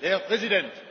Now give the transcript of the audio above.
herr präsident!